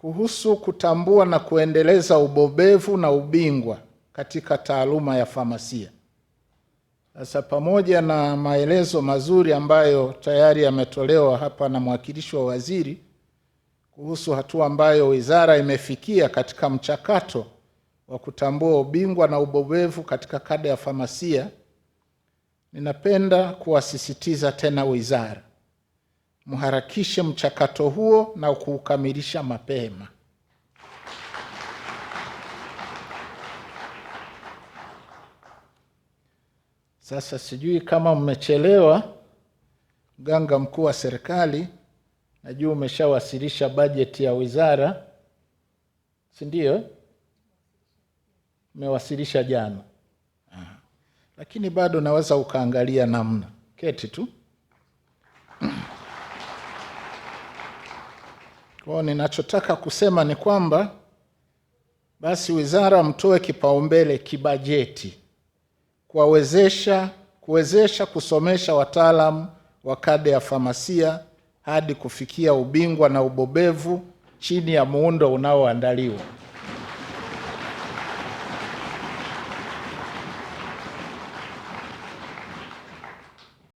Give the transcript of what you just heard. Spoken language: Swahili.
kuhusu kutambua na kuendeleza ubobevu na ubingwa katika taaluma ya famasia. Sasa pamoja na maelezo mazuri ambayo tayari yametolewa hapa na mwakilishi wa waziri kuhusu hatua ambayo wizara imefikia katika mchakato wa kutambua ubingwa na ubobevu katika kada ya famasia, ninapenda kuwasisitiza tena wizara mharakishe mchakato huo na kuukamilisha mapema. Sasa sijui kama mmechelewa, mganga mkuu wa serikali, najua umeshawasilisha bajeti ya wizara, si ndio? Umewasilisha jana. Lakini bado naweza ukaangalia namna keti tu Kwa hiyo ninachotaka kusema ni kwamba basi wizara mtoe kipaumbele kibajeti kuwawezesha kuwezesha kusomesha wataalamu wa kada ya famasia hadi kufikia ubingwa na ubobevu chini ya muundo unaoandaliwa.